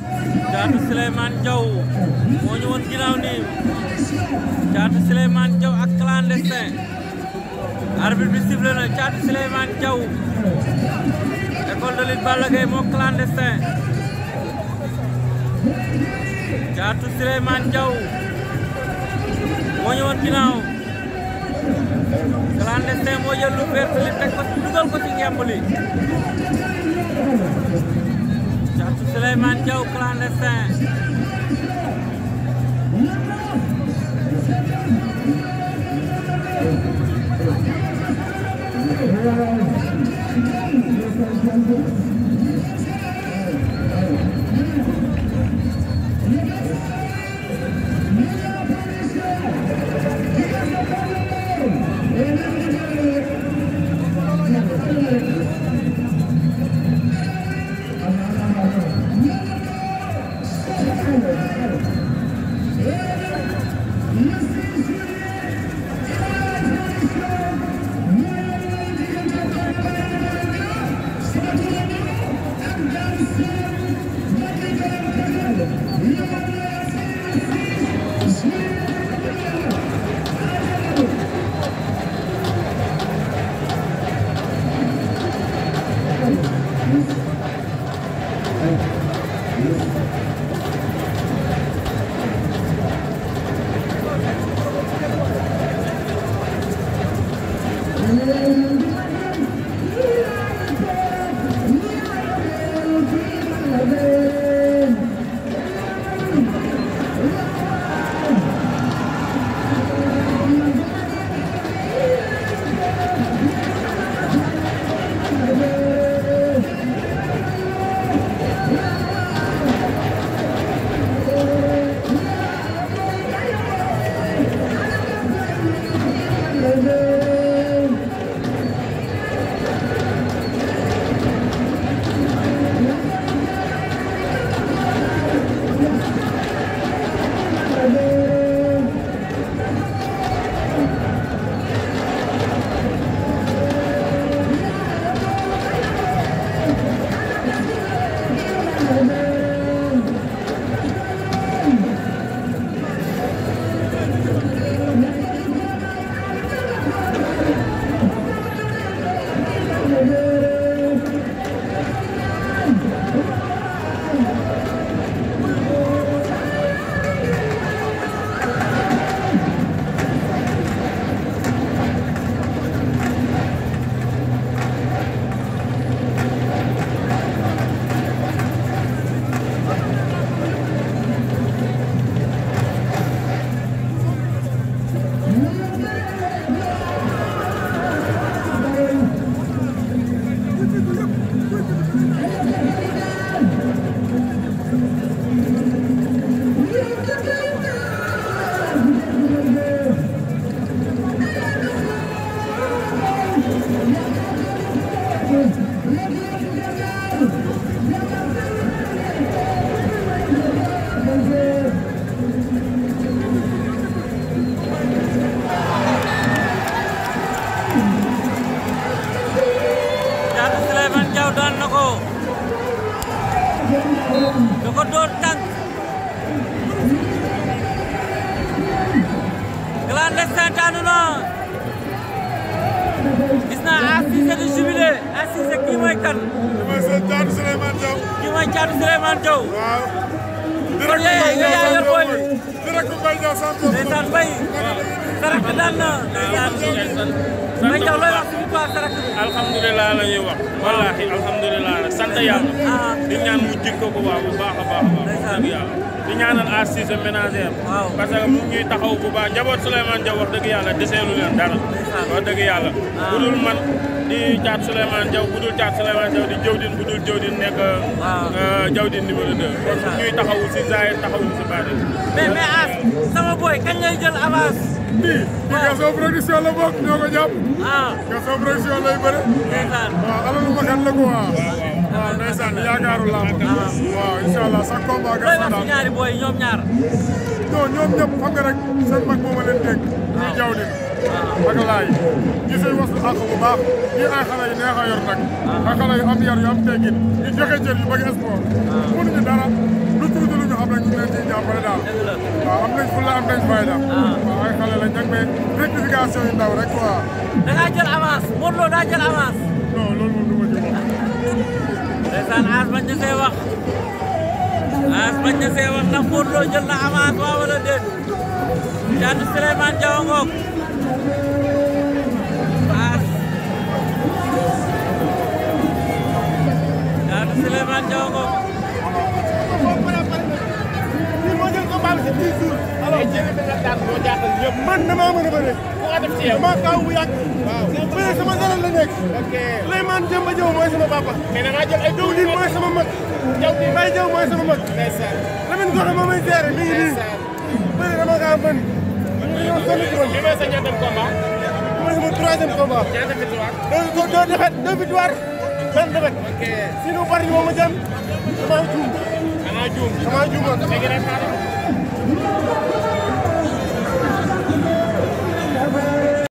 Caatu Souleymane Diaw moo ñu woon ginnaaw nii Caatu Souleymane Diaw ak clandestin arbitre bi sifflé na Caatu Souleymane Diaw école de lutte Balla Gaye moo clandestin Caatu Souleymane Diaw moo ñu woon ginnaaw clandestin moo jël lu vert li teg ko dugal ko ci ngemb li Katsu Süleyman Gökhan Lesen. Thank you. Amém. Diaw daan na ko da ko door tànk clandestin daanu na gis naa Asise di jubilé Asise kii mooy kan. kii mooy Thiatou Souleymane Diaw. kii mooy Thiatou Souleymane Diaw. waaw. direct Mbaye Diaw sant yow mooy direct Mbaye Diaw sant yow mooy. Sarak daan na. may taw looy wax suñu paa la ñuy wax. wallaahi alhamdulilah la sant yàlla. di ñaan mu jikko bu baax bu baax baax di ñaanal assise ménagère. parce que mu taxaw bu baax wax dara. wax man di caat Souleymane Diaw budul dul caat Souleymane di jawdin budul jawdin nekk. waaw jawdin numéro 2. ñuy taxawu si Zaire taxawu si Bade. mais mais as sama boy kan ngay jël avance. bii ba Gaston production la bokk ñoo ko jàpp. ah Gaston production lay bëre. ndeysaan waaw alalu bakkan la ko waaw. waaw ndeysaan yaakaaru laa ma. waaw incha allah sa combat Gaston daal ñaari booy ñoom ñaar. non ñoom ñëpp xam nga seen mag moo ma leen dégg. ñuy ah. jaww ji. Ah. ak laay a yor nag. Ah. yar yu am teggin ñu joxe cër yu bëgg sport. mënuñu dara. ñu leen ciy jàppale daal. waaw am nañ fulla am nañ fayda. waaw ay xale lañ nag mais rectification yu ndaw rek quoi. da ngaa jël avance Modou Lo daa jël avance. non loolu moom du ma jël. ndeysaan aas bañ na see wax aas bañ na see wax ndax Modou Lo jël na avance waaw wala déet. jaatu Souleymane Diaw ngoog. alors jëli bi nga daan moo jaaxal ñëpp. man damaa mën a bëre. ku ko def ci yow damaa kaw bu yàgg. waaw bëre sama dalal la nekk. ok Souleymane Demba Diaw mooy sama papa. mais da ngaa jël ay dugub yi mooy sama mag. Diaw bi Mbaye Diaw mooy sama mag. ndeysaan Lamine Gora moo may seere mi ngi nii. bëre dama kaa mën. dañoo sonn ci woon. bi mooy sa ñaateel combat. bi mooy sama troisième combat. ñaata victoire. doo doo defet deux victoire benn defet. ok si nu bari ñu ma ma jëm. damaa juum. damaa juum damaa juumoon. léegi nag Música